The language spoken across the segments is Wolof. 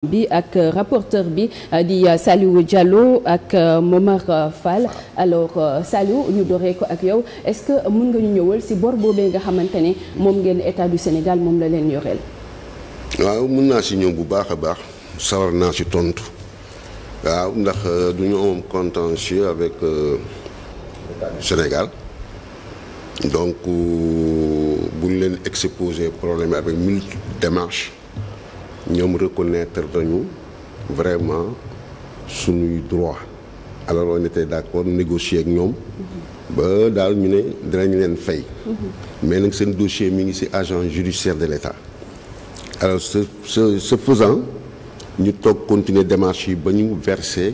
bi ak euh, rapporteur bi euh, di euh, Saliou Diallo ak Momar Fall alors Saliou ñu dore ko ak yow est-ce que mën nga ñu ñëwal ci bor boobee nga xamante ne moom ngeen état du Sénégal moom la leen yoreel. waaw mën naa ci ñëw bu baax a baax sawar naa ci tontu waaw ndax du ñu am contentieux avec Sénégal donc buñ leen exposé problème avec multiple démarches. ñoom reconnaître nañu vraiment suñuy droit alors on était d'accord négocier ak ñoom ba daal ñu ne dinañ leen fay mais nag seen dossier mi ngi ci agent judiciaire de l'État alors ce ce ce faisant ñu toog continuer démarche yi ba ñu verser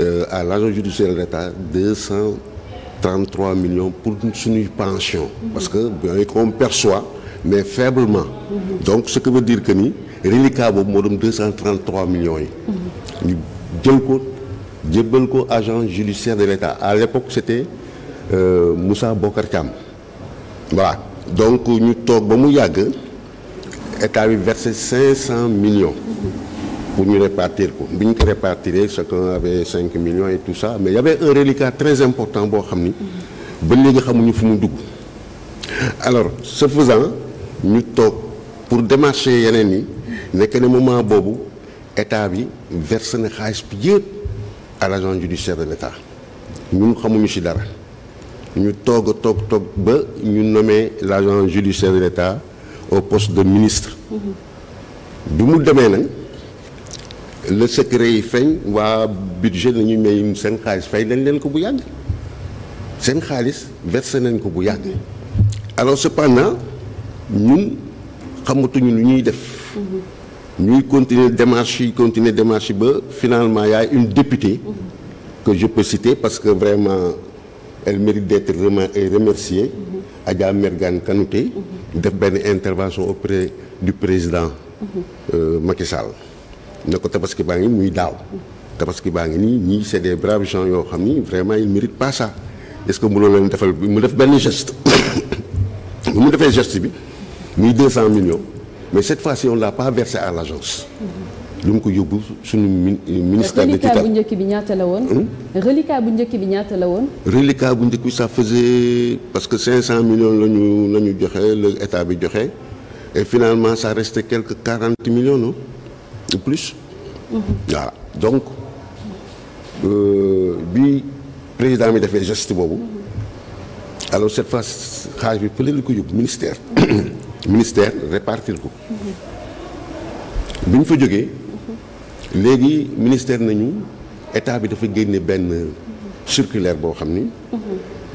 euh, à l'agent judiciaire de l'État deux cent trente-trois millions pour suñuy pension parce que bien qu'on perçoit mais faiblement mm-hmm. donc ce que veut dire que nii reliquat boobu moo doon deux cent trente yi. jël ko jébbal ko agent judiciaire de l'État à l'époque c'était euh, Moussa Bokar Thiam voilà donc ñu toog ba mu yàgg état bi versé cinq cent millions. pour ñu répartir ko bu ñu ko répartiree chacun avait cinq millions et tout ça mais il y avait un reliquat très important boo xam ni. ba léegi xamuñu fu mu dugg. alors ce faisant ñu toog pour démarcher yeneen yi. nekk ne moment boobu état bi verse na xaalis bi yëpp à judiciaire de l'état ñun xamuñu ci dara ñu toog a toog toog ba ñu nommé l'agence judiciaire de l'état au poste de ministre bi mu demee nag le secret yi feeñ waa budget nañu may seen xaalis fay nañ leen ko bu yàgg seen xaalis verse nañ ko bu yàgg alors cependant ñun xamatuñu lu ñuy def ñuy continuer démarche yi continuer démarche ba finalement y une députée que je citer parce que vraiment elle mérite d'être remerciée Adja Mergane Kanouté def benn intervention auprès du président euh, Macky Sall ne ko tabaski baa ngi muy daaw tabaski baa ngi nii ñii c'est des braves yoo xam ni vraiment ils méritent pas ça est-ce que mënoo leen defal mu def benn geste bu mu defee geste bi muy deux cent millions mais cette fois-ci on l'a pas versé à l'agence lu mu ko yóbbu suñu ministère njëkk bi ñaata la woon. Hmm? njëkk bi ñaata la woon. reliquat bu njëkk bi ça faisait parce que 500 millions la ñu la ñu joxe le état bi joxe et finalement ça restait quelque quarante millions non de plus. waaw mmh. donc euh, bi président bi defee geste boobu mm-hmm. alors cette fois xaalis bi fële la ko yóbbu ministère. Mm-hmm. ministère répartir ko bi ñu fa jógee léegi ministère nañu état bi dafa génne benn circulaire boo xam ni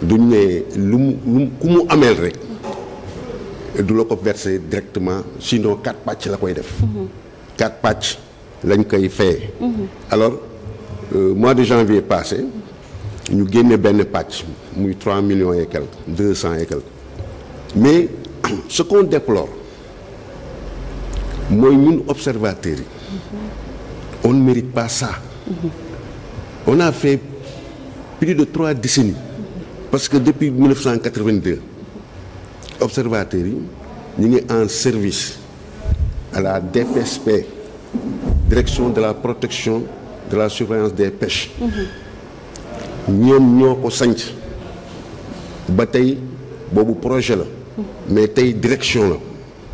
du ne lu mu ku mu ameel rek du la ko verser directement sinon quatre pàcc la koy def quatre pàcc lañ koy fayee alors euh, mois de janvier passé ñu génne benn pàcc muy trois millions et quelques deux cent et mais ce qu'on déplore mooy ñun observateurs yi on mérite pas ça on a fait plus de trois décennies parce que depuis 1982 observateurs yi ñu ngi en service à la DPSP direction de la protection de la surveillance des pêches ñoom ñoo ko sanc ba tey boobu projet la mais tey direction la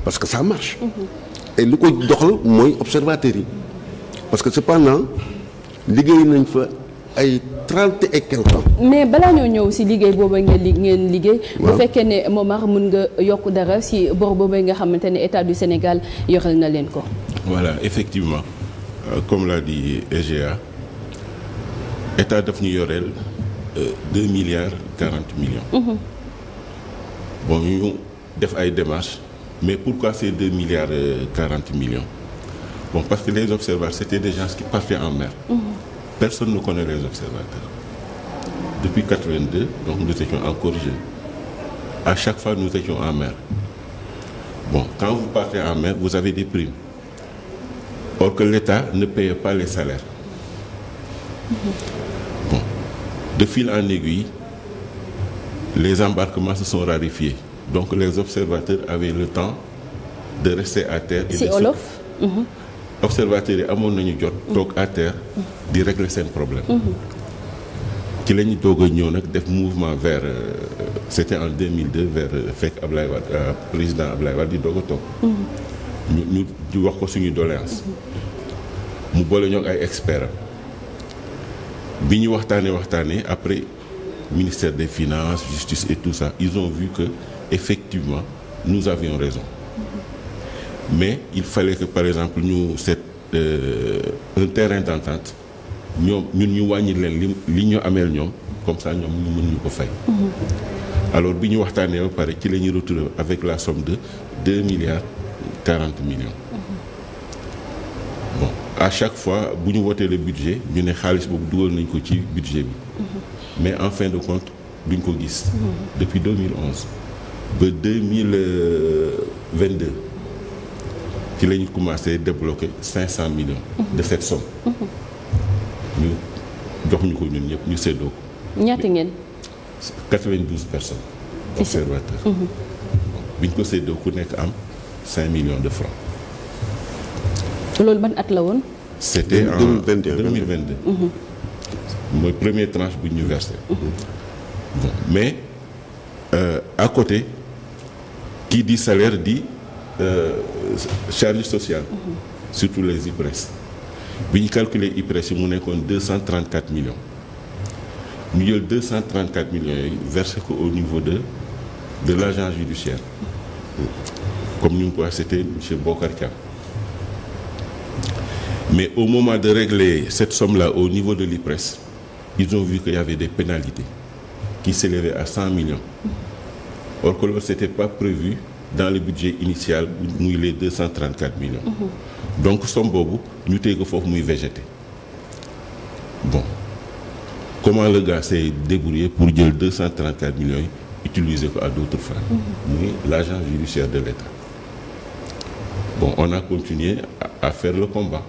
parce que ça marche. et lu ko doxal mooy observateur yi parce que cependant liggéey nañ fa ay trente et quelque ans. mais balaa ñoo ñëw si liggéey boobu ngeen li ngeen liggéey. bu fekkee ne Momar mun nga yokk dara si bor boobu nga xamante ne état du Sénégal yoral na leen ko. voilà effectivement euh, comme l'a dit EGA état daf ñu yoreel euh, deux milliards quarante millions. Mhm. bon ñu def ay démarches mais pourquoi ces deux milliards euh, quarante millions bon parce que les observateurs c'était des gens qui partaient en mer. Mhm. personne ne connaît les observateurs. depuis 82 donc nous étions encore jeunes à chaque fois nous étions en mer bon quand vous partez en mer vous avez des primes or que l'État ne payait pas les salaires mhm. bon de fil en aiguille les embarquements se sont raréfiés donc les observateurs avaient le temps de rester à terre. et si de mhm. observateurs yi amoon nañu jot. Mhm. toog à terre di régler seen problème. Mhm. ci la ñu ñëw nag def mouvement vers euh, c' était en 2002 vers euh, fekk Ablaye Wade euh, président Ablaye Wade di doog a toog. ñu ñu di wax ko suñu doléance. mu boole ñoo ay experts am bi ñu waxtaanee waxtaanee après. ministère des Finances, justice et tout ça, ils ont vu que effectivement nous avions raison. Mais il fallait que par exemple ñu seet euh, un terrain d'entente ñoom ñun ñu wàññi leen li li ñu ameel ñoom comme ça ñoom ñu mën ñu ko fay. Mm-hmm. alors bi ñu waxtaanee ba pare ci la ñuy retrouver avec la somme de deux milliards quarante millions. Mm-hmm. bon à chaque fois bu ñu wotee le budget ñu ne xaalis boobu dugal nañ ko ci budget bi. Mm-hmm. mais en fin de compte duñ ko gis. depuis 2011 ba 2022 ci la ñu commencé débloquer 500 millions. de cette somme. ñu jox ko ñun ñëpp ñu séddoo ko. ñaata ngeen. 92 personnes. observateurs. Mhm. biñ ko séddoo ku nekk am 5 millions de francs. loolu ban at la woon. c'était en 2022. 2022. mooy première tranche bu ñu versé. bon mais euh, à côté qui dit salaire di euh, charge sociale. Mm-hmm. surtout les IPRES. bi ñu calculer IPRES yi mu nekkoon deux cent trente quatre millions. ñu jël deux cent trente quatre millions yooyu versé ko au niveau de de l' agence judiciaire. comme ni ko waxee c'était monsieur Bokar mais au moment de régler cette somme là au niveau de l'IPRES ils ont vu qu'il y avait des pénalités qui s'élevaient à 100 millions. Or que loolu c'était pas prévu dans le budget initial muy les millions. Mhm. donc somme boobu ñu téye ko foofu muy végété. bon comment le gars s'est débrouillé pour jël 234 millions yi utiliser ko à d'autres fins. Mhm. muy l'agent judiciaire de l'État. bon on a continué à, faire le combat.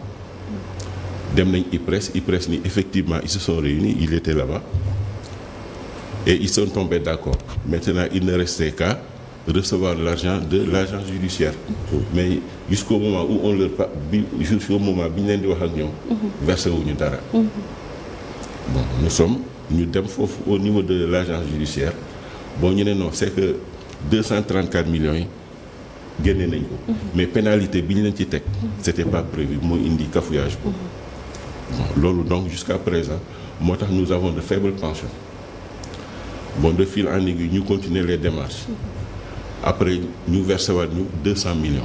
dem nañ IPRES IPRES ni effectivement ils se sont réunis il était là-bas et ils sont tombés d'accord maintenant il ne restait qu'à recevoir l'argent de l'agence judiciaire mais jusqu'au moment où on leur bi jusqu'au moment bi ñu leen di wax ak ñoom versé wuñu dara bon nous ñu dem foofu au niveau de l'agence judiciaire bon ñu ne non c'est que 234 millions yi génne nañ ko mhm. mais pénalité bi ñu leen ci teg c'était pas prévu mooy indi cafouillage boobu loolu donc jusqu'à présent moo tax nous avons de faibles pensions bon de fil en aiguille ñu continuer les démarches après ñu versé waat ñu 200 millions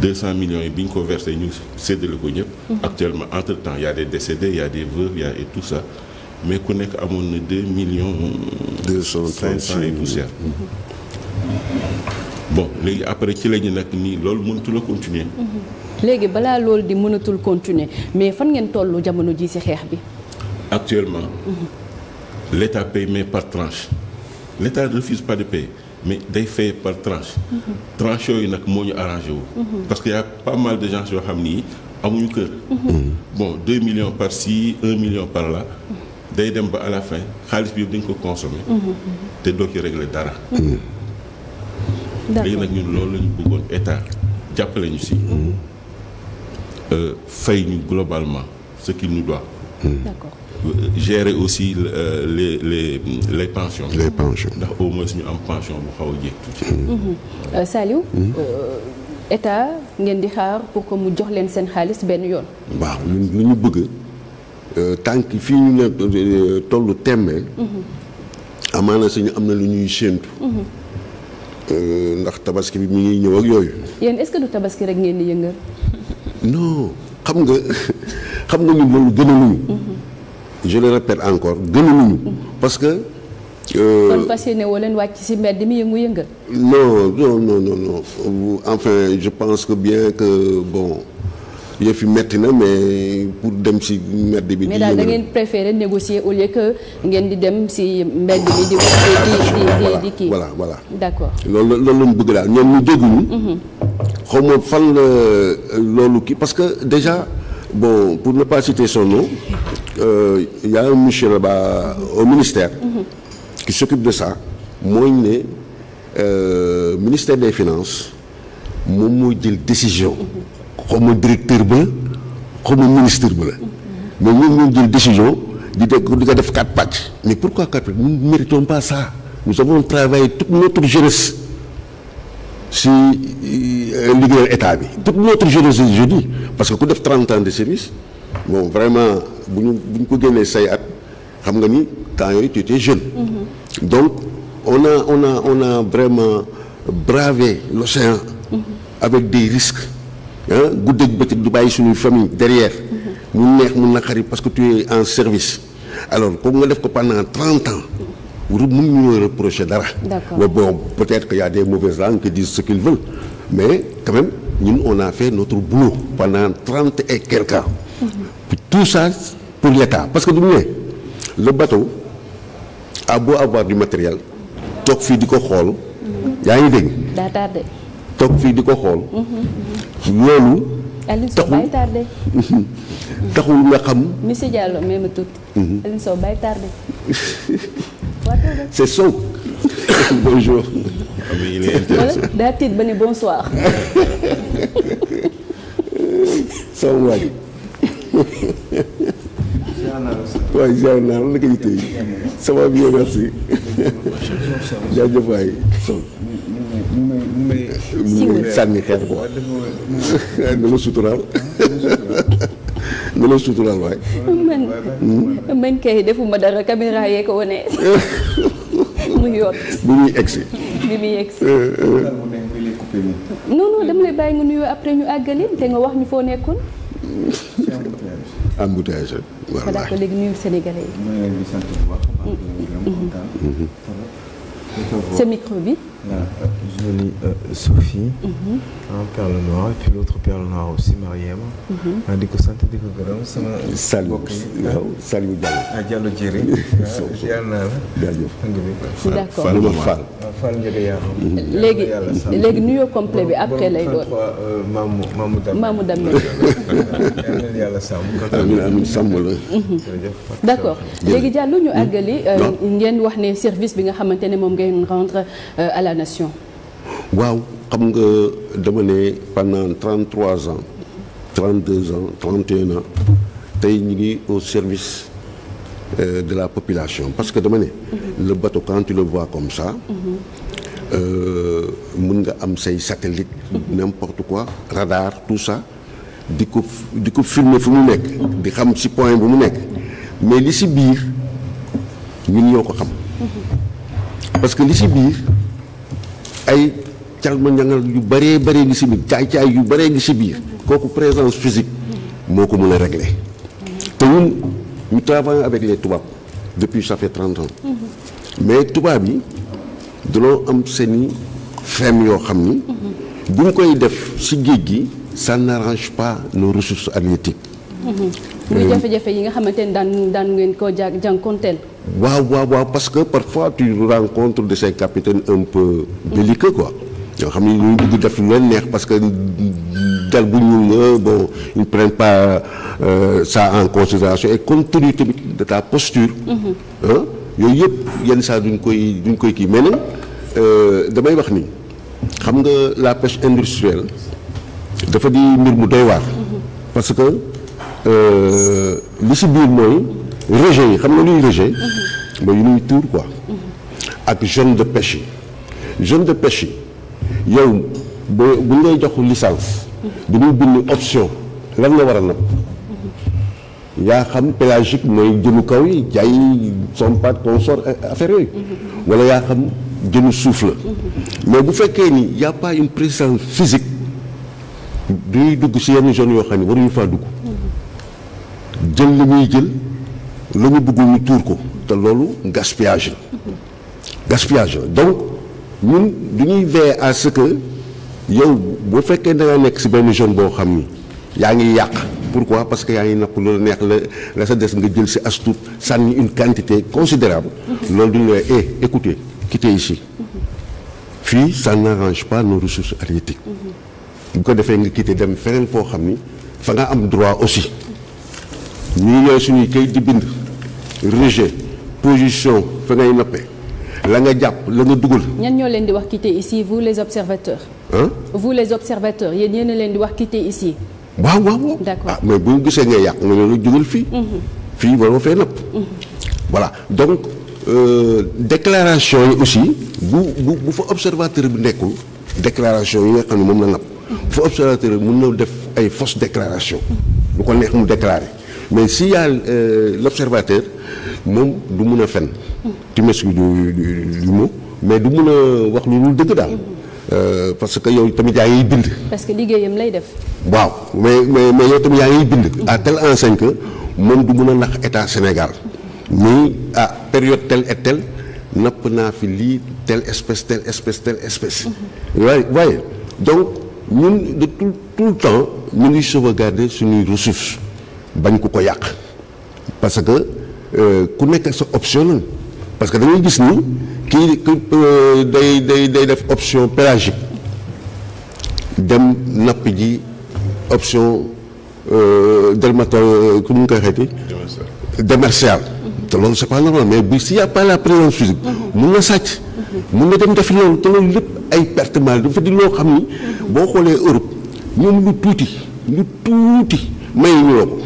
200 millions yi bi ñu ko versé ñu séddale ko ñëpp. Mhm. actuellement entre temps y a des décédés y a des veuves y a et tout ça mais ku nekk amoon na 2 millions. 236 500 et poussière. Mhm. bon léegi après ci la ñu nag nii loolu mënatul continuer. Mhm. léegi balaa loolu di mënatul continuer mais fan ngeen tollu jamono ji ci xeex bi. actuellement. Mhm. l' état paye mais par tranche l' état refuse pas de payer mais day fay par tranche. Mhm. tranche yooyu nag moo ñu arrangé wu. parce que y' pas mal de gens yoo xam nii amuñu kër. bon 2 millions par ci 1 millions par la day dem ba à xaalis bi dañ ko consommer. te doo ci régler dara. léegi nag ñun loolu lañu bëggoon état jàppale ñu si. Mm-hmm. Euh, fay ñu globalement ce qu'il nous doit. Mm-hmm. d'accord. Euh, aussi euh, les les les pensions. les pensions ndax au moins ñu am pension bu xaw a jéeg tuuti. Mm-hmm. Euh, Saliou. état ngeen di xaar pour que mu jox leen seen xaalis benn yoon. waaw lu ñu bëgg tànk fii ñu ne tollu temme. amaana suñu am na lu ñuy séentu. Euh, ndax tabaski bi mu ngi ñëw yooyu. yéen est du tabaski rek ngeen di yëngal. non xam nga xam nga ñun loolu gënaluñu. Mm-hmm. je le répète encore gënaluñu. parce que. Euh, kon fas yéene woo leen wàcc ci mbedd mi yëngu-yëngal. non non non non enfin je pense que bien que bon. yëf fi metti na mais pour dem si medd bi. mais daal da ngeen préféré négocier au lieu que ngeen di dem si mbedd bi di. di di kii voilà voilà. d'accord loolu loolu lañ bëgg daal ñoom ñu dégguñu. Mhm. ma fan la euh, loolu kii parce que déjà bon pour ne pas citer son nom euh, y a un au ministère. Mhm. qui s'occupe de ça mooy ne euh, ministère des finances moom mooy jël décision. Mhm. xaw ma directeur bi xaw ma ministre bi la mais ñoom ñoo jël décision di def di ko def quatre pàcc mais pourquoi quatre pàcc nous ne méritons pas ça nous avons travaillé toute notre jeunesse si euh, liggéeyal état bi toute notre jeunesse je dis parce que ku def trente de service bon vraiment bu ñu bu ñu ko génnee say at xam nga ni temps yooyu tu jeune mm-hmm. donc on a on a on a vraiment bravé l'océan mm-hmm. avec des risques guddeeg bëccëg di bàyyi suñuy famille derrière. mu neex mu naqari parce que tu es en service alors kooku nga def ko pendant trente ans. mu mun ñu reprocher dara. d'accord bon peut-être que y a des mauvaises langues qui disent mais quand même ñun on a fait notre boulot pendant trente et quelques ans. Mm-hmm. tout ça pour l'État parce que du mu ne le bateau a beau avoir matériel toog fii di ko xool. Mm-hmm. yaa ngi dégg. toog fii di ko xool. loolu. Alioune Sow bàyyi taxul nga xam. monsieur Diallo même ma tuuti. Mhm. Alioune Sow bàyyi tardé. c'est Sow. bonjour. Ah, daa tiit ba ni bonsoir. Sow waay. waaw ziar naa la koy téye ça va bien merci. jaajëf waay Sow. sànni xeer ko nga la suturaal nga la suturaal waay man yee ko wane mu yoon bu muy egsi eh, eh. bàyyi nga nuyoo après ñu àggali te nga wax ñu foo nekkoon embouteillage rek. voilà ko léegi nuyu Sénégalais yi. maa mm-hmm. bi. la jolie euh, Sophie. en mhm. perle noire et puis l'autre perle noire aussi Mariam. Mhm. di ko sant di ko gërëm sama. Saliou waaw Saliou Diallo. ah Diallo Diéré. ziar naa la. jaajëf d'accord Fall ah, Fall. Fall mhm. léegi léegi nuyoo complet bi après lay doon. maamu maamu Dame. maamu Dame. yàlla sàmm. amiin amiin sàmm la. d'accord léegi Diallo ñu àggali. Euh, ngeen wax ne service bi nga xamante ne moom ngeen rendre euh, à la la nation waaw xam nga dama ne pendant 33 ans 32 ans 31 ans tey ñu ngi au service euh, de la population parce que dama ne mhm. le bateau quand tu le vois comme ça mhm. euh, mun nga am say satellite mhm. n'importe quoi radar tout ça di ko di ko filmer fu mu nekk di xam si point bi mu nekk mais li si biir ñun ñoo ko xam parce que li ci biir ay calma ñangal yu bëree bëree ngi ci biir caay-caay yu bëree ngi si biir kooku présence physique moo ko mën a régler te ñun ñu travaillons avec les tubaab depuis ça fait trente mais tubaab yi dañoo am seeni feem yoo xam ni bu ñu koy def si géej gi ça n'arrange pas nos ressources halieutiques mm-hmm. muy jafe-jafe yi nga xamante ne daan daan ngeen koo jànkonteel waaw waaw waaw parce que parfois tu rencontres de ces capitaines un peu belliqueux quoi ñoo xam ne ñu bëgg def lu leen neex parce que dal bu ñuul nga bon ils ne prennent pas euh, en considération et compte tamit de ta posture mm-hmm. yooyu yëpp yenn saa duñ koy duñ koy kii mais nag euh, damay wax ni xam nga la pêche industrielle dafa di mbir mu doy waar mm-hmm. parce que euh, li si biir mooy rejet yi xam nga luy rejet mhm. mooy yu ñuy tuur quoi mhm. ak jeune de pêche yi jeune de pêche yi yow ba bu ñu lay jox licence bi mhm. ñuy bind option lan nga war a napp yaa xam pélagique mooy jënu kaw yi jaay sompat consort affaire yooyu wala yaa xam jënu suuf la mais bu fekkee ni y a pas une présence physique duñuy dugg si yenn zone yoo xam ne waruñu faa dugg jël li muy jël la ñu bëggul ñu tuur ko te loolu gaspillage la gaspillage la donc ñun du ñuy veiller à yow bu fekkee da nekk si benn jeune boo xam ni yaa ngi yàq pourquoi parce que yaa ngi napp loolu neex la la sa des nga jël si astut sànni une quantité considérable loolu du ñu la eh écoutez quittez ici fii ça n'arrange pas nos ressources halieutiques bu ko defee nga quitter dem feneen foo xam ni fa nga am droit aussi ñu ngi suñuy kayit di bind rejet position fa ngay noppee la nga jàpp la nga dugal. ñan ñoo leen di wax quitter ici vous les observateurs. Hein? vous les observateurs yéen yéen a leen di wax quitter ici. waaw waaw waaw d'accord ah bu ñu gisee ngay yàq nga leen jugal fii. Mhm. fii waroo fee napp. Mhm. voilà donc euh, déclaration yi aussi bu bu bu fa observateur bi nekkul déclaration yi nga xam ne moom la napp. bu mhm. fa observateur bi mën na def ay fausse déclaration. lu ko neex mu déclarer. mais s'il y a euh, l'observateur moom du mun a fen ci mesure du du mais du mun a wax lu dul dëgg daal. Euh, parce que yow tamit yaa ngi bind. parce que liggéeyam lay def. waaw mais mais mais yow tamit yaa ngi bind. à telle en cinq moom du mun a nax état Sénégal. nii ah période telle et telle napp naa fi lii tel espèce telle espèce telle espèce. Mhm. waaye waaye donc ñun tout le temps ñu ngi sauvegarder suñuy ressources. bañ ku ko yàq parce que euh, ku nekk sa option parce que dañuy gis ni kii euh, day day day def option pélagique dem napp ji option euh, dermato ku ñu koy xeeti démercial te loolu c'est pas normal mais bu si y a pas la présence physique mun na sàcc mun na dem def loolu te loolu lépp ay perte mal dafa di loo xam ni boo xoolee Europe ñoom lu tuuti lu tuuti may loo ko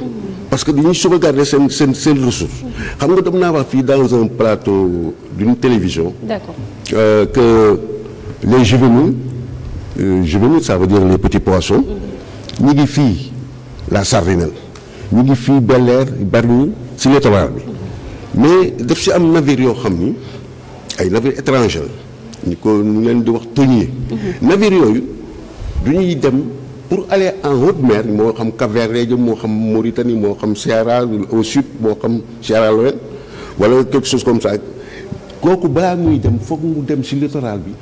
parce que dañuy sauvegarder seen seen seen ressources. xam nga dem naa wax fii dans un plateau d'une télévision. d'accord euh, que les juvéniles euh, dire les petits poissons. ñu ngi fii la Sardinelle ñu ngi fii Bel Air Bargny si littoral bi mais daf si am navire yoo xam ni ay navire étranger ñu ko ñu leen di wax thonier. Mhm. navire yooyu du ñuy dem. pour aller en haute mer moo xam Cap-Vert jëm moo xam Mauritanie moo xam Sierra au sud moo xam Sierra Leone wala quelque chose comme ça kooku balaa muy dem foog mu dem si littoral bi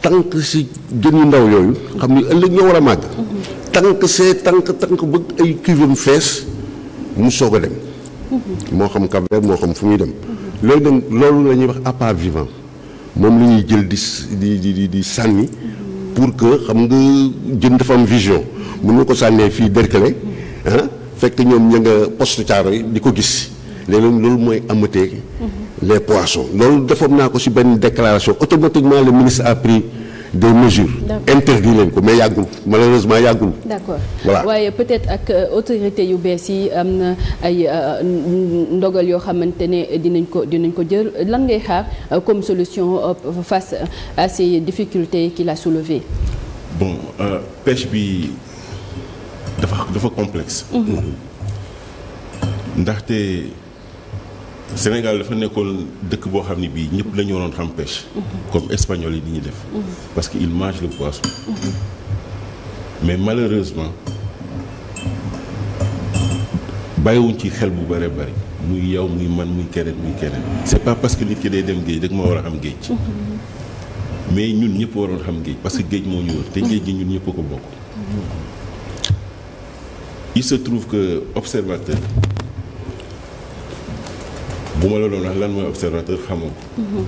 tànk si jën yu ndaw yooyu xam ni ëllëg ñoo war a màgg tànk see tànk tànk bëgg ay cuivre fees mu soog a dem moo xam cap moo xam fu muy dem loolu nag loolu la ñuy wax appât vivant moom la jël di di di sànni pour que xam nga jën dafa am vision mën nga ko sànnee fii Derklé ah fekk ñoom ña nga poste caaro yi di ko gis léeg-léeg loolu mooy amatee mhm. les poissons loolu defoon naa ko si benn déclaration automatiquement le ministre a pris des mesures. interdit leen ko mais yàggul malheureusement yàggul. d'accord voilà waaye peut-être ak euh, autorité yu bees yi am na ay euh, ndogal yoo xamante ne dinañ ko dinañ ko jël lan ngay xaar euh, comme solution face à ces difficultés qu'il a soulevées. bon euh, bi dafa dafa complexe. Mm-hmm. ndaxte. Sénégal dafa nekkoon dëkk boo xam ne bii ñëpp lañu ñu waroon xam pêche. comme espagnol yi ni ñuy def. parce que il mange le poisson. mais malheureusement bàyyiwuñ ci xel bu bare bari muy yow muy man muy keneen muy keneen. c'est pas parce que nit ki day dem géej rek ma war a am géej. mais ñun ñëpp waroon xam géej parce que géej moo ñu wër te géej gi ñun ñëpp ko bokk. il se trouve que observateur. bu ma la doon wax lan mooy observateur xamoo ko. Mhm.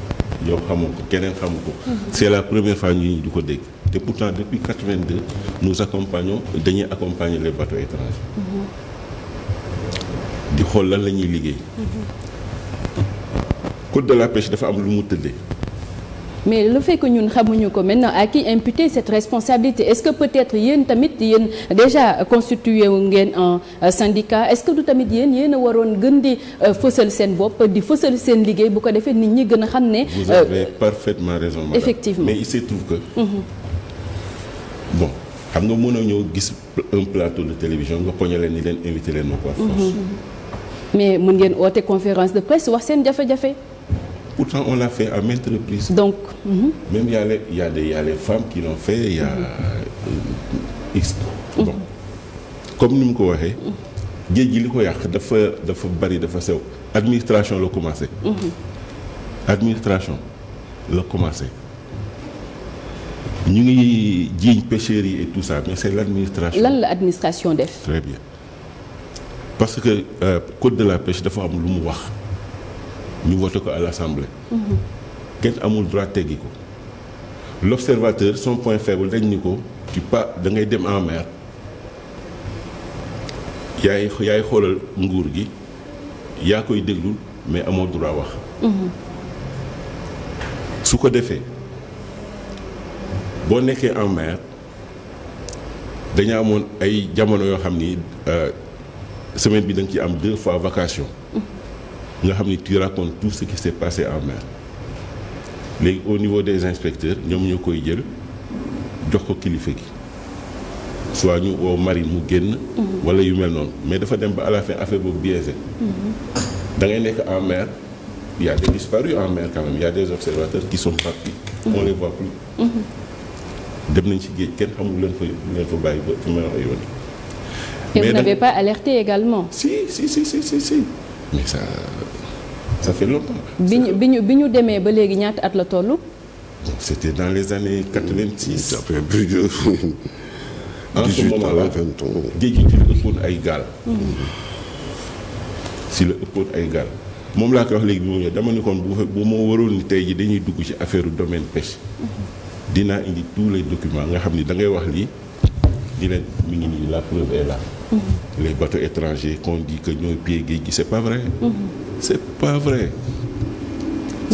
yow xamoo ko keneen xamu ko. c'est la première fois ñu du ko dégg te pourtant depuis 82 nous accompagnons dañuy accompagner les bateaux étrangers. Mhm. di xool lan la ñuy liggéey. Mhm. code de la pêche dafa am lu mu tëddee. mais lu fekk ñun xamuñu ko maintenant à qui imputer cette responsabilité est-ce que peut-être yéen tamit yéen déjà constitué wu ngeen en euh, syndicat est-ce que du tamit yéen yéen a waroon gën di euh, fësal seen bopp di fësal seen liggéey bu ko defee nit ñi gën a xam ne. vous euh, avez parfaitement raison madame. effectivement mais il se trouve que. Mm-hmm. bon xam nga mun a ñëw gis un plateau de télévision nga poñe leen ni leen invité leen ma quoi. Mm-hmm. mais mun ngeen oote conférence de presse wax seen jafe Pourtant, on l'a fait à maintes reprises. Donc, mm -hmm. même il y a les il y a fait, il mhm. euh, mhm. Comme ni mu ko waxee. géej gi li ko yàq dafa dafa bari dafa sew. administration la commencé. Mhm. administration la commencé. ñu ngi jiiñ pêcheurs yi et tout ça mais c'est l'administration. lan la administration def. parce que euh, code de la pêche dafa am lu mu wax. ñu voté ko à l'assemblée kenn amul droit teggi ko l'observateur son point faible dañ ni ko tu pas da ngay dem en mer yaay yaay xoolal nguur gi yaa koy déglu mais amoo droit wax su ko defee boo nekkee en mer dañu amoon ay jamono yoo xam ni euh, semaine bi da nga ci am deux fois vacation nga xam ni tu racontes tout ce qui s'est passé en mer léegi au niveau des inspecteurs ñoom ñu koy jël jox ko kilifa gi soit ñu woo marine mu génn. Mhm. wala yu mel noonu mais dafa dem ba à affaire boobu biaisé. Mhm. da ngay nekk en mer il y a des disparus en mer des observateurs qui sont partis. Mhm. on dem nañ ci géej kenn xamul leen fa leen fa bàyyi ba également. mais ça ça fait bi ñu bi ñu demee ba léegi ñaata at la toll. c'était dans les années quatre-vingt-six. ça fait plus de dix géej gi ci la ëppoon ay gaal. la ëppoon ay gaal. moom laa ko wax léegi bi mu ñëw dama ne kon bu ma waroon ni tey ji dañuy dugg ci affaire domaine pêche. dinaa indi tous les documents nga xam ni da ngay wax lii di leen mi ngi nii la preuve est là. Mm-hmm. les bateaux étrangers qu'on dit que ñooy pied géej gi c'est pas vrai. Mm-hmm. c'est pas vrai.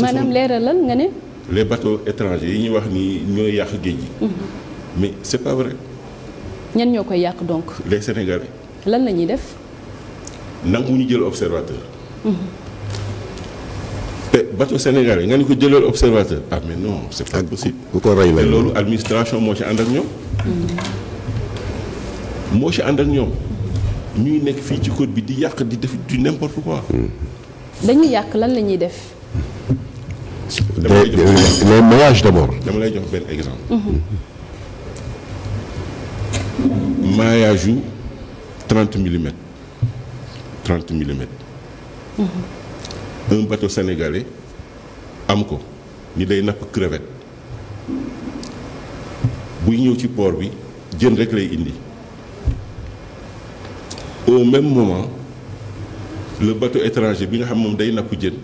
maanaam leeralal nga ne. les bateaux étrangers yi ñuy wax nii ñooy yàq géej gi. Mm-hmm. mais c'est pas vrai. ñan ñoo koy yàq donc. les sénégalais. lan la ñuy def. nangu ñu jël observateur. te bateau sénégalais nga ni ko jëlal observateur. ah mais non c'est pas possible. ku ko rey la loolu administration moo ci ànd ak ñoom. moo ci ànd ak ñoom ñuy nekk fii ci code bi di yàq di def du n'importe quoi. dañuy yàq lan la ñuy def. dama lay jox eh, eh, les mariages d'abord. dama lay jox benn exemple. mariage yu 30 millimètres 30 millimètres. un bateau sénégalais am ko ni day napp crevette buy ñëw ci port bi jën rek lay indi. au même moment le bateau étranger bi nga xam moom day napp jën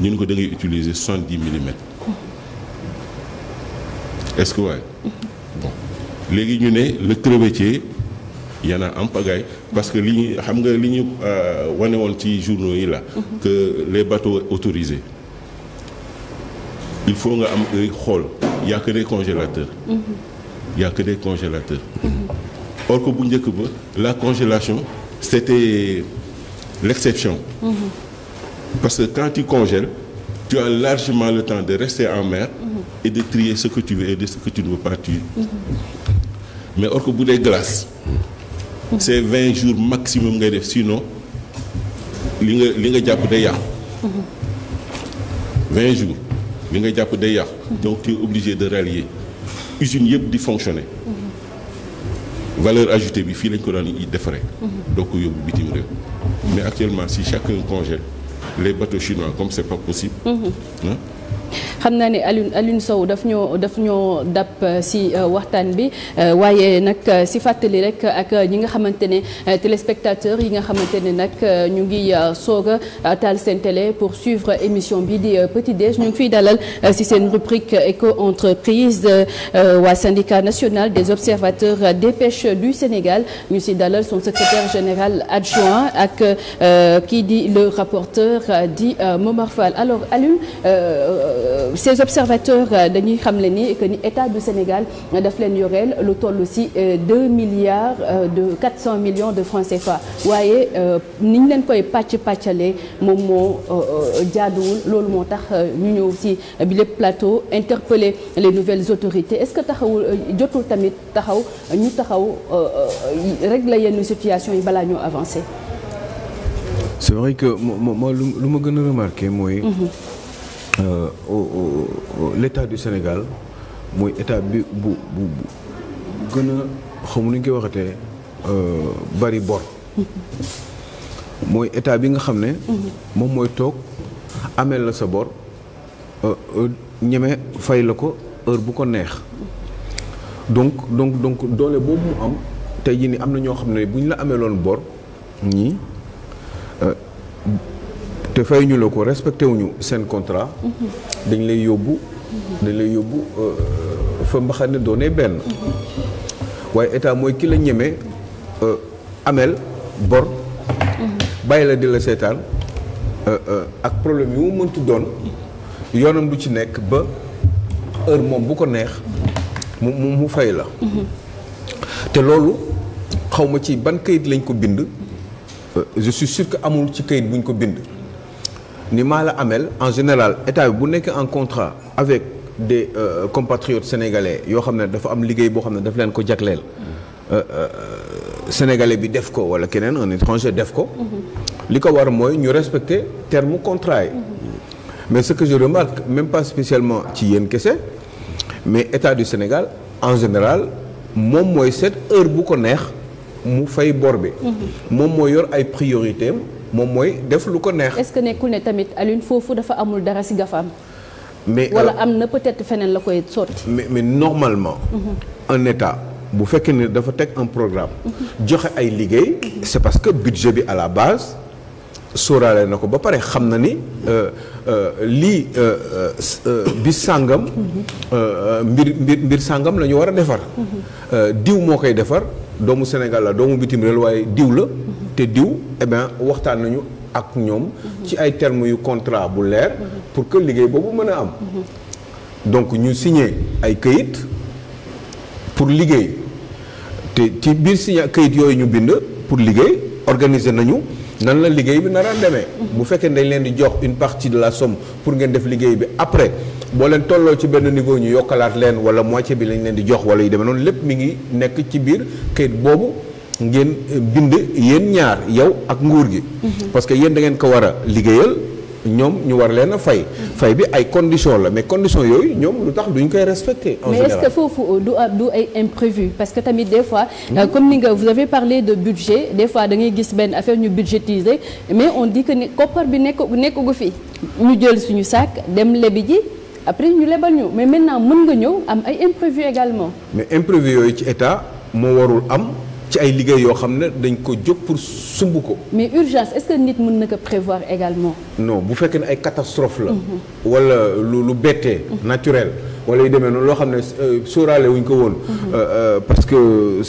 ñun ko da ngay utiliser soixante dix millimètres est-ce que waaye léegi ñu ne le crevettier y en a parce que li ñu xam nga li ñu euh, wane woon ci journaux yi la. que les bateaux autorisés il faut nga am ay xool y a que des congélateurs. Mm-hmm. y des congélateurs. Mm -hmm. or que bu njëkk ba la congélation c'était l'exception mm parce que quand tu congèles tu as largement le temps de rester en mer mhm. et de trier ce que tu veux et de ce que tu ne veux mhm. mais or que bu dee glace mhm. c'est vingt jours maximum ngay def sinon li nga li nga jàpp de yàqu vingt jours li nga jàpp day yàqu donc tu es obligé de rallier usine yëpp di fonctionner valeur ajoutée bi fii lañ ko daan defaree. Mhm. doo ko yóbbu bitim réew. mais actuellement si chacun congèle les bateaux chinois comme c'est pas possible. Mhm. xam naa ne Alioune Alioune Sow daf ñoo daf ñoo dab euh, si euh, waxtaan bi euh, waaye nag si fàttali rek ak ñi nga xamante ne téléspectateurs yi nga xamante ne nag ñu ngi soog a taal seen télé pour suivre émission bi di Petit Déj ñu ngi fi dalal si seen rubrique éco-entreprise waa syndicat national des observateurs des pêches du Sénégal ñu si dalal son secrétaire général adjoint ak kii di le rapporteur di Momar Fall alors Alioune ces observateurs dañuy xamle ni que ni état du Sénégal euh, daf leen yoreel lu toll ci euh, deux milliards euh, de quatre cent millions de francs CFA waaye ni ñu leen koy pàcc pàccalee moom moo jaaduwul loolu moo tax ñu ñëw ci bi lépp plateau interpeller les nouvelles autorités est-ce que taxawul jotul tamit taxaw ñu taxaw régler yenn situation yi balaa ñoo avancer. c'est vrai que lu ma gën a remarqué mooy. Mm-hmm. Euh, l'état du Sénégal mooy état bi bu bu gën a xam nu ñu koy euh, bari bor mooy état bi nga xam ne mhm. moom mooy toog ameel la sa bor euh, ñeme fay la ko heure bu ko neex donc donc donc doole boobu mu am tey jii ni am na ñoo xam ne bu ñu la ameeloon bor ñii te fay ñu la ko respecté wuñu seen contrat dañ lay yóbbu dañ lay yóbbu euh, fa mbaxane doonee benn waaye état mooy ki la ñeme euh, amel bor bàyyi la di la seetaan euh, ak problème yu mu mëntu doon yoonam du ci nekk ba heure moom bu ko neex mu mu fay la te loolu xawma ci ban kayit lañ ko bind je suis amul ci kayit buñ ko bind ni maa la amel en général état bi bu nekk en contrat avec de euh, compatriotes sénégalais yoo xam ne dafa am liggéey boo xam ne dafa leen ko jagleel. Mm-hmm. Euh, euh, euh, sénégalais bi def ko wala keneen un étranger def ko. Mm-hmm. li ko war mooy ñu respecter terme contrat yi. Mm-hmm. mais ce que je remarque même pas spécialement ci yéen kese mais état du Sénégal en général moom mooy seet heure bu ko neex mu fay bor bi. moom mooy yor ay priorité am moom mooy def lu ko neex. est-ce que nekkul ne tamit Alioune foofu dafa amul dara si GAFAM. mais wala euh, am na peut-être feneen la koy sotti. mais normalement. Mhm. un état bu fekkee ne dafa teg un programme. Mhm. joxe ay liggéey. Mhm. c'est parce que budget bi à la base. sóoraale na ko ba pare xam na ni euh, euh, lii bi sàngam. mbir mbir mbir sàngam la ñu war a defar. diw moo koy defar. doomu Sénégal la doomu bitim réew waaye diw la te diw eh waxtaan nañu ak ñoom ci ay termes yu contrat bu leer pour que liggéey boobu mën a am donc ñu signé ay këyit pour liggéey te ci biir signé këyit yooyu ñu bind pour liggéey organiser nañu nan la liggéey bi nar demee bu fekkee dañ leen di jox une partie de la somme pour ngeen def liggéey bi après boo leen tolloo ci benn niveau ñu yokkalaat leen wala moitié bi lañ leen di jox wala yu demee noonu lépp mi ngi nekk ci biir kayit boobu ngeen bind yéen ñaar yow ak nguur gi. Mhm. parce que yéen da ngeen ko war a liggéeyal ñoom ñu war leen a fay. Mhm. fay bi ay condition la mais condition yooyu ñoom lu tax duñ koy respecté. en mais est-ce que foofu euh, du euh, du ay imprévu parce que tamit des fois. Hmm? Euh, comme ni nga vous avez parlé de budget des fois da ngay gis benn affaire ñu budgétiser mais on dit que ne koppar bi nekk nekk gu fi ñu jël suñu sac dem lebi ji. après ñu lebal ñëw mais maintenant mën nga ñëw am ay imprévu également. mais imprévu yooyu ci état moo warul am ci ay liggéey yoo xam ne dañ ko jóg pour sumb ko. mais urgence est-ce que nit mën na ko prévoir également. non bu fekkee ne ay catastrophe la. Mhm. wala lu lu bettee mhm. naturel. wala yu demee noonu loo xam ne euh, sóoraale wuñ ko woon. Mhm. Euh, euh, parce que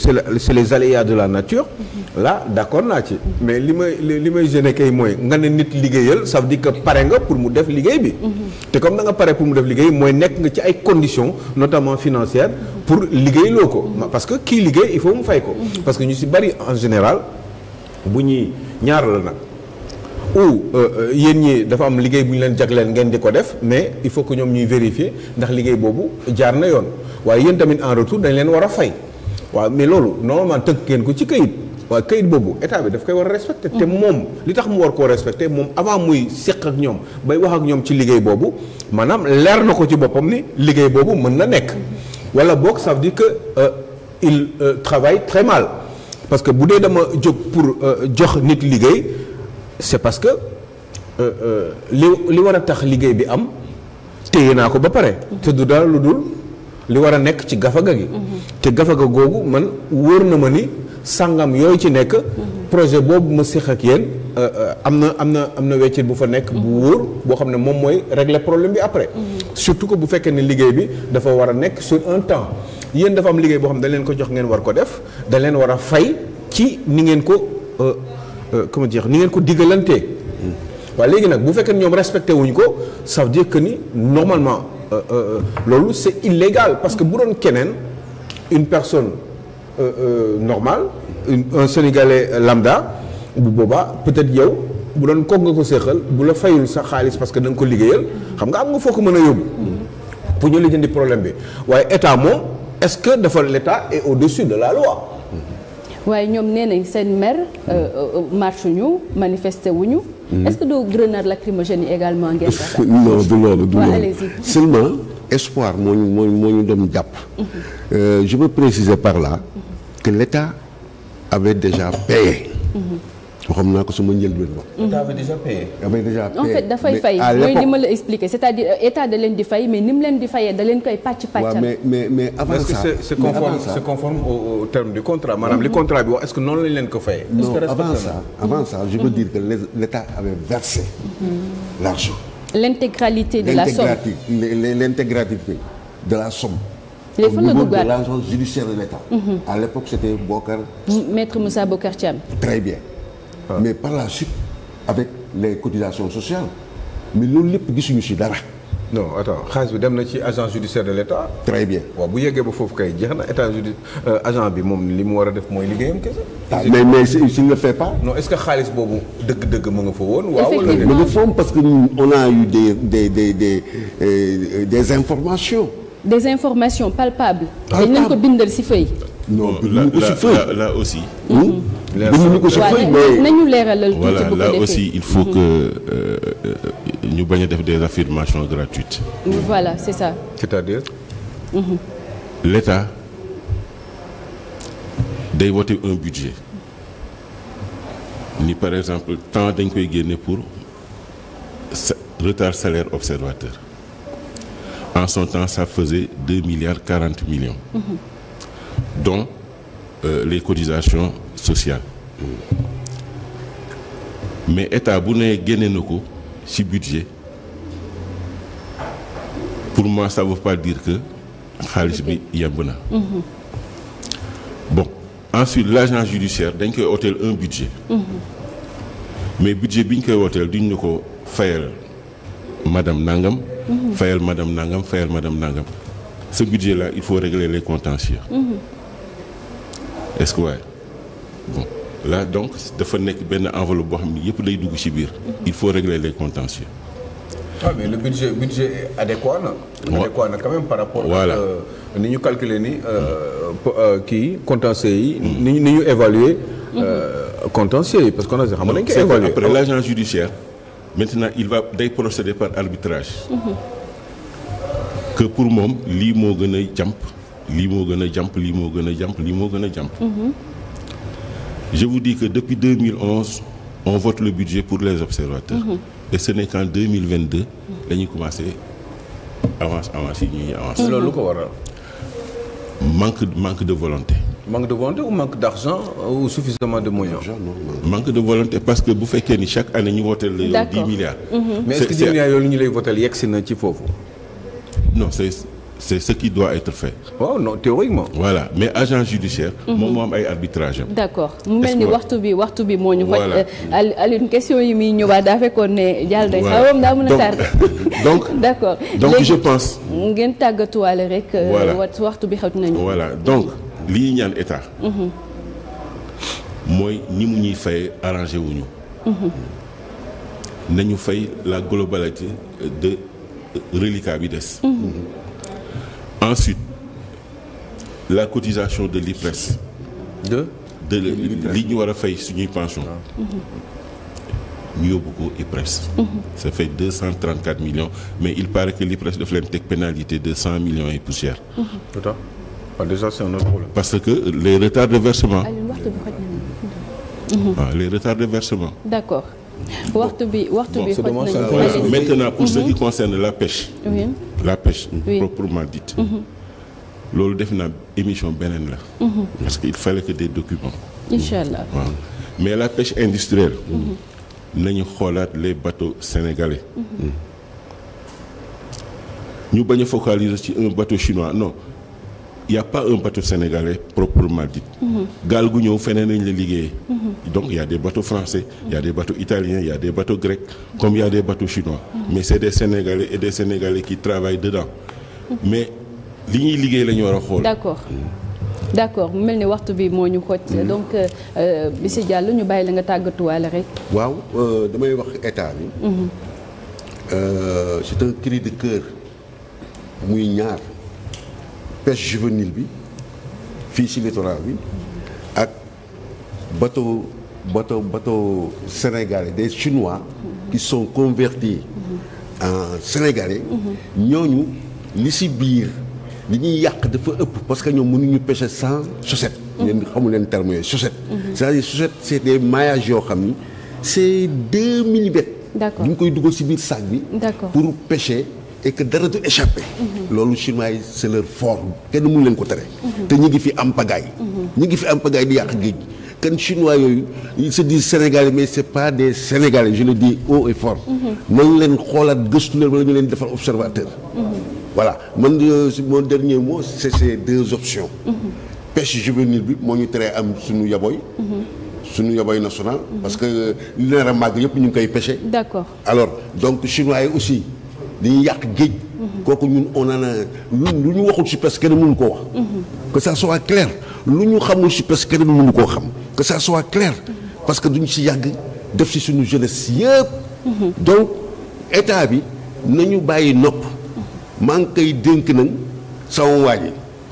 c'est la c'est les aléas de la nature. Mhm. la d'accord naa ci. mais li may li may gêné kay mooy nga ne nit liggéeyal ça veut que pare nga pour mu def liggéey bi. Mhm. te comme da nga pare pour mu def liggéey mooy nekk nga ci ay conditions notamment financières pour liggéey liggéeyloo ko. parce que kii liggéey il faut mu fay ko. parce que ñu si bari en général bu ñuy ñaar la nag. ou euh, euh, yéen ñi dafa am liggéey bu ñu leen jagleen ngeen di ko def mais il faut que ñoom ñuy vérifier ndax liggéey boobu jaar na yoon waaye yéen tamit en retour dañ leen war a fay waaw mais loolu normalement tënk ngeen ko ci kayit waaw kayit boobu état bi daf koy war a respecté te mm-hmm. moom li tax mu war koo respecté moom avant muy seq ak ñoom bay wax ak ñoom ci liggéey boobu maanaam leer na ko ci boppam ni liggéey boobu mën na nekk wala boog ça veut dire que euh, il travaille parce que bu dee dama jóg pour jox nit liggéey c'est parce que euh, euh, li li war a tax liggéey bi am téye naa ko ba pare. te du dara lu dul li war a nekk ci gafaga gi. Mm-hmm. te gafaga googu man wóor na ma ni sàngam yooyu ci nekk. Mm-hmm. projet boobu ma séq ak yéen euh, am na am na am na weccit bu fa nekk. bu mm-hmm. wóor boo xam ne moom mooy régler problème bi après. surtout que bu fekkee ne liggéey bi dafa war a nekk sur un temps yéen dafa am liggéey boo xam ne da leen ko jox ngeen war ko def da leen war a fay ci ni ngeen ko. Euh, comment dire ni ngeen ko diggalantee waaw léegi nag bu fekkee ñoom respecté wuñ ko sa veut dire ni normalement euh, euh, loolu c'est illégal parce que bu doon keneen une personne normal un Sénégalais lambda bu boobaa peut-être yow bu doon kook nga ko séexal bu la fayul sa xaalis parce que da nga ko liggéeyal xam nga am nga foo ko mën a yóbbu pour ñu lijjanti problème bi waaye état moom est-ce que dafa l'État est au-dessus de la waaye ñoom nee nañ seen maire euh, euh, marche ñu manifester wuñu hmm. est-ce que doo grenade lacrymogène yi également ngeen non du loolu du loolu seulement espoir moo ñu moo moo ñu doon jàpp mhm. euh, je veux préciser par là que l'État avait déjà payé mhm. waxoon naa ko sama njëlbeen ba. état bi déjà payé. dafay déjà payé en fait dafay fay mooy ni ma la expliqué c'est-à-dire euh, état da leen di fay mais ni mu leen di fayee da leen koy pàcc pàccal. waaw mais mais mais avant ça est-ce que c'est conforme c'est conforme au terme du contrat maanaam li contrat bi wax est-ce que noonu lañ leen ko fayee. est-ce que respecté avant ça avant ça je veux dire que l'État avait versé l'argent. l'intégralité de la somme l'intégralité de la somme. les fan la duggaat au niveau de l'agence judiciaire de l'État. Mhm. à l'époque c'était Bokar. Maître Moussa Bokar Thiam. très bien. Ah. mais par la suite avec les cotisations sociales mais loolu lépp gisuñu si dara. non attends xaalis bi dem na ci agent judiciaire de l' état. très bien waaw bu yeggee ba foofu kay jeex na état judi euh, agent bi moom li mu war a def mooy liggéeyam kese. Ah, mais mais s' il ne fait pas. non est ce que xaalis boobu dëgg-dëgg mu nga fa woon. waaw wala mu nga foom parce que ñun on a eu des des des des euh, des informations. des informations palpables. palpables dañ leen ko bindal si feuille. non binduñu oh, hmm? ko ci feuille là aussi. binduñu ko ci feuille mais nañu leeralal tuuti bu ko defee voilà là aussi il faut hmm. que euh, ñu bañ a def des affirmations gratuites. voilà c'est ça. c'est-à-dire. Hmm. l'État day wote un budget ni par exemple temps dañ koy génne pour retard salaire observateur en son temps ça faisait deux milliards quarante millions. Mm-hmm. dont euh, les cotisations sociales mais état bu ne génnee na ko ci budget pour moi ça veut pas dire que xaalis bi yemb na bon ensuite l'agent judiciaire dañ koy woteel un budget mais budget bi ñu koy woteel duñ ne ko fayal madame nangam fayal madame nangam fayal madame nangam ce budget là il faut régler les contentieux est-ce que waaye bon là donc dafa nekk benn enveloppe boo xam ne yëpp lay dugg ci biir. Mhm. il faut régler les contentieux. Ah, mais le budget budget adéquat na. adéquat na quand par rapport. voilà euh, ni ñu calculer ni euh, mhm. euh, kii contentieux yi. Mhm. ni ñu ni ñu évaluer. contentieux yi parce que on a xam nañ ko évaluer après l'agent judiciaire maintenant il va day procéder par arbitrage. que pour moom lii moo gën a jàmp. lii moo gën a jàmp lii moo gën a jàmp lii moo gën a jàmp je vous di que depuis 2011 on vote le budget pour les observateurs mhm. et ce n'est qu'en 2022 la ñu commencé avance avance yi ñuy avance loolu lu ko waral manque manque de volonté manque de volonté ou manque d'argent ou suffisamment de moyens. manque de volonté parce que bu fekkee ni chaque année ñu wooteel la yow. dix milliards. Mhm. mais est-ce ñu lay wooteel yegg si na ci foofu. non c'est c'est ce qui doit être fait. oh non théoriquement. voilà mais agent judiciaire. moom moo ay arbitrage d'accord mu mel ni waxtu bi waxtu bi moo ñu. voilà euh, Alioune question yi muy ñëwaat daa fekkoon ne. jàll nañ waaw moom daa mën a tardé. donc d'accord donc je pense. ngeen tàggatuwaale rek. Euh, voilà waxtu bi xaw nañu. voilà donc li ñuy ñaan état. Mhm. mooy ni mu ñuy fay mhm. nañu fay la globalité de euh, reliquat bi des. Mhm. ensuite la cotisation de l'IPRES de de li ñu war a fay suñuy pension ah. mm-hmm. ñu yóbbu ko IPRES mm-hmm. ça fait deux cent trente quatre millions mais il paraît que l'IPRES daf leen teg pénalité de cent millions et poussière mm-hmm. ah, déjà c'est un autre parce que les retards de versement ah, les retards de versement waxtu bi waxtu bi xoj nañu maintenant pour ce qui mhm. la pêche. la pêche. oui proprement mhm. loolu def naa émission beneen mhm. que il des documents. mais la pêche industrielle. xoolaat les bateaux sénégalais. Hmm. ñu bañ a focaliser ci un bateau chinois non y' a pas un bateau sénégalais proprement dit. Mhm. gaal gu ñëw feneen nañ la liggéeyee. Mhm. donc y' a des bateaux français. y' a bato bateaux italiens y' a des bateaux grecs. comme y' a des bateaux chinois. Mhm. mais c' est des sénégalais et des sénégalais qui travaillent mais li ñuy liggéey la ñu war a xool. d' accord d' accord mu mel ni waxtu bi moo ñu xoj. donc euh, euh, si Diallo ñu bàyyi la nga tàggatuwaale rek. waaw euh, damay wax état bi. c' est un cri de cœur muy ñaar. pêche juvénile bi fii si littoral bi ak bato bateau bateau sénégalais des chinois qui sont convertis en sénégalais ñooñu li si biir li ñuy yàq dafa ëpp parce que ñoom mënuñu pêcher sans chaussette ñeen xamu leen terme yooyu chaussette c'est-à-dire chaussette c'est des yoo xam ni c'est deux millimètres d'accord ñu koy dugal ci biir sac bi pour pêcher et que dara du échappé. loolu chinois yi c'est kenn mënu leen ko tere. te ñu ngi fi am pagaille. ñu ngi fi am pagaille di yàq géej gi kan chinois yooyu ils se disent sénégalais mais c'est pas des sénégalais je le dis haut et fort. nañ leen xoolaat gëstu leen wala ñu leen defal observateur. voilà man euh, mon dernier mot c'est ces deux options. pêche juvénile bi moo ñu teree am suñu yaboy. suñu yaboy national. parce que li nar a màgg yëpp ñu ngi koy pêcher. d'accord alors donc chinois aussi. dañuy yàq géej. kooku ñun on en a lu ñu waxul si parce que kenn mënu koo wax. que ça soit clair lu ñu xamul si parce que kenn mënu koo xam que ça soit parce que duñ si yàgg def si suñu jeunesse yëpp. donc état bi nañu bàyyi nopp. maa ngi koy dénk nag sama waa ji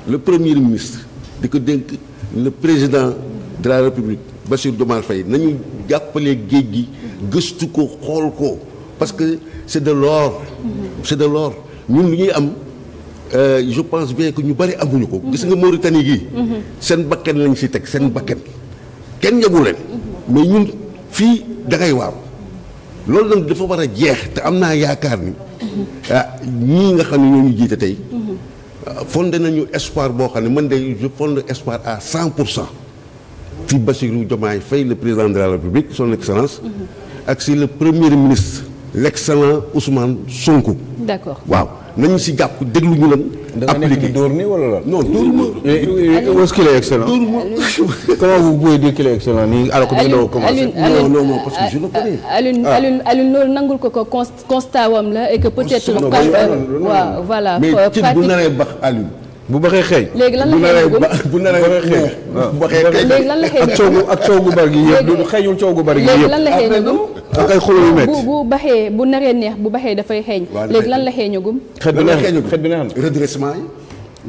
le premier ministre di ko dénk le président de la république Bassirou Diomaye Faye nañu jàppale géej gi gëstu ko xool ko. parce que c'est de l'or c'est de l'or ñun lu ñuy am euh, je pense bien que ñu bari amuñu ko gis nga Mauritanie gii seen bakken lañu si teg seen bakken kenn yegu leen mais ñun fii da waaw loolu nag dafa war a jeex te am naa yaakaar ni ah, ñii nga xam ne ñoo jiite tey ah, fondé nañu espoir boo xam ne mën de je fonde espoir à cent pour cent ci Bassirou Diomaye Faye le président de la République son excellence ak si le premier ministre l'excellent Ousmane Sonko. d'accord waaw nañu si jàpp déglu ñu leen. appliqué da nga nekk wala lan. non dóor ma. Eh, eh, eh, est ce qu'il est excellent. dóor ma comment vous pouvez dire qu'il est excellent nii alors que doo commencé. non non non parce que ah, ah, ah. loolu nangul ko ko constat wam la et que peut-être. waaw voilà. mais ci euh, bu bu baxee xeeñ. léegi lan la xeeñ bu naree bu xeeñ. Ah. bu baxee xeeñ léegi lan la xeeñ ak coow gu ak bari gi yëpp. léegi xeeñul coow gu bari gi yëpp. léegi lan la xeeñagum ak ay xuloo yu métti. bu bu baxee bu naree neex bu baxee dafay xeeñ. waaw léegi lan la xeeñagum. xet bi neex xet bi neex na redressement yi.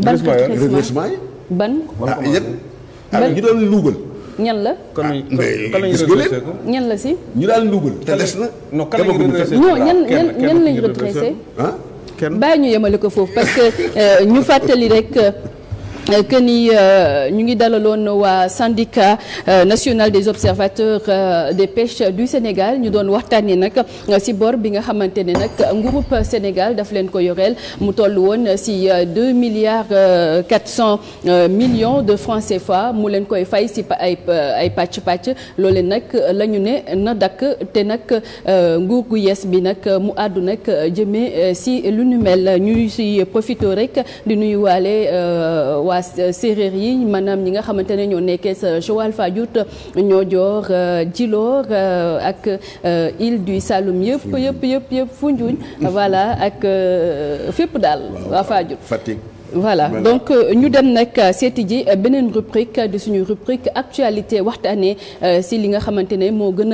ban redressement yi ban. ah yëpp. ah ñu doon luubal. ñan la. ah mais gis nga leen ñan la si. ñu daal luubal te des na. non ñan lañ redressé kenn bàyyi ñu yemale ko foofu parce que euh, ñu fàttali rek Euh, que ni euh, ñu ngi dalaloon waa syndicat euh, national des observateurs des pêches du Sénégal ñu doon waxtaan waxtaanee nag si bor bi nga xamante ne nag nguurub Sénégal daf leen ko yoreel mu toll woon si 2 milliards 400 millions de francs fois mu leen koy fay si ay ay pàcc pàcc loole nag la ñu ne na dakk te nag nguur gu yees bi nag mu àddu nag jëmee si lu nu mel ñuy si profité rek di nuyuwaale. waa séeréer yi maanaam ñi nga xamante ne ñoo nekkee sa Joal Fadiouth ñoo joor euh, Djilor euh, ak euh, île du salum yëpp yëpp yëpp yëpp Foundiougne voilà ak fépp daal waa Fadiouth donc ñu dem nag seeti ji beneen rubrique di suñu rubrique actualité waxtaanee si li nga xamante ne moo gën